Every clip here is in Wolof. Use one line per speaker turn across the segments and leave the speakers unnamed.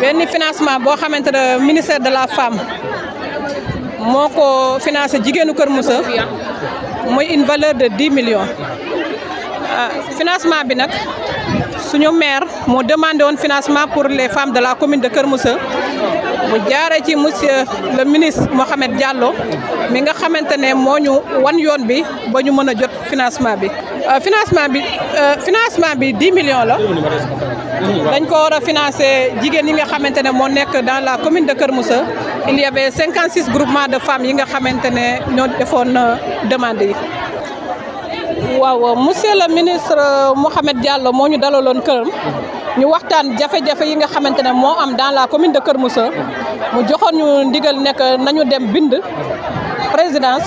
ben financement bo xamantene ministère de la femme moko financer jigenu keur musa moy une valeur de 10 millions euh, financement bi nak suñu maire mo demander woon financement pour les femmes de la commune de keur musa mu jaaré ci monsieur le ministre Mohamed Diallo mi nga xamantene moñu wan yoon bi bañu mëna jot financement bi euh, financement bi euh, financement bi 10 millions la dañ ko war a financer jigéen yi nga xamante ne moo nekk dans la commune de Kër Moussa il y avait de femmes yi nga xamante ne ñoo defoon na euh, demande yi. waaw monsieur le ministre euh, Mouhamed Diallo moo ñu dalaloon këram ñu waxtaan jafe-jafe yi nga xamante ne moo am dans la commune de Kër Moussa mu joxoon ñu ndigal nekk nañu dem bind présidence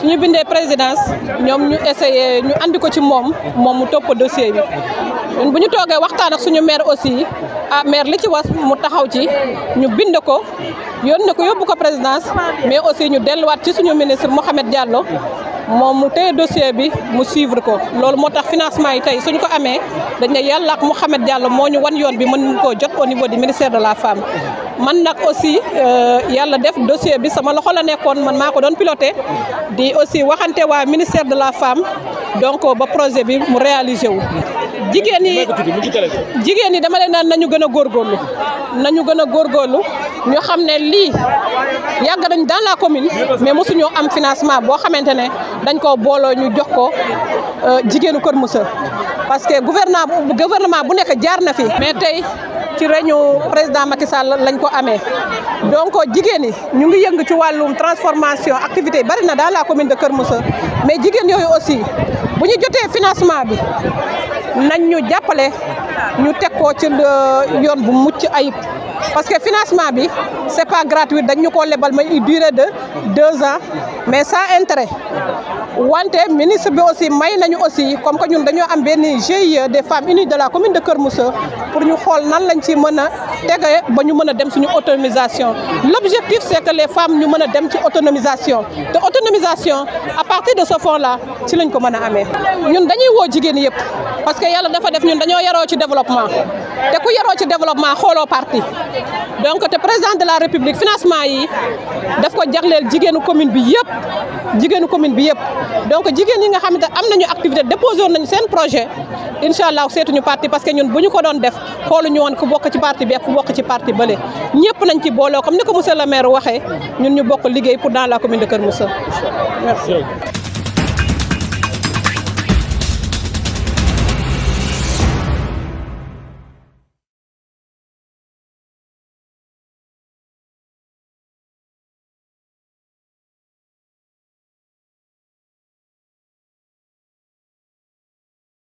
su ñu bindee présidence ñoom ñu essayé ñu andi ko ci moom moom mu topp dossier bi ñun bu ñu toogee waxtaan ak suñu maire aussi ah maire li ci was mu taxaw ci ñu bind ko yónnee ko yóbbu ko présidence mais aussi ñu delluwaat ci suñu ministre Mouhamed Diallo moom mu téye dossier bi mu suivre ko loolu moo tax financement yi tey suñu ko amee dañ ne yàlla ak Mouhamed Diallo moo ñu wan yoon bi mën koo jot au niveau du ministère de la femme man nag aussi euh, yàlla def dossier bi sama loxo la nekkoon man maa ko doon piloté di aussi waxante waa ministère de la femme donc ba projet bi mu réalisé wu. jigéen yi jigéen yi dama leen naan nañu gën a góorgóorlu nañu gën a góorlu ñu xam ne lii yàgg nañ dans la commune mais mosuñoo am financement boo xamante ne dañ koo booloo ñu jox ko euh, jigéenu Kër Moussa parce que gouvernement gouvernement bu nekk jaar na fi mais tey. ci reñu président Macky Sall lañ ko amee donc jigéen yi ñu ngi yëngu ci wàllum transformation activité bari na dans la commune de Kër Moussa mais jigéen yooyu aussi bu ñu jotee financement bi nañ ñu jàppale ñu Euh, parce que financement bi pas gratuit il dure de deux ans mais sans intérêt wante ministre bi aussi may nañu aussi comme que ñun dañoo am e des femmes unies de la commune de Kër pour ñu xool nan lañ ci mën a tege ba ñu autonomisation L'objectif, c'est que les femmes ñu mën a dem ci autonomisation te autonomisation à partir de ce fonds là ci lañ ko nous a amee ñun dañuy woo jigéen yëpp parce que yàlla dafa def ñun dañoo yaroo ci développement té ku yaroo ci développement xooloo parti donc té président de la république financement yi daf ko jagleel jigéenu commune bi yépp jigéenu commune bi yépp donc jigéen yi nga xam ne am nañu activité déposé woon nañu seen projet incha allah seetuñu parti parce que ñun bu ñu ko doon def xooluñu woon ku bokk ci parti bi ak ku bokk ci parti bële ñëpp nañ ci booloo comme ni ko monsieur le maire waxee ñun ñu bokk liggéey pour dans la commune de Kër Moussa merci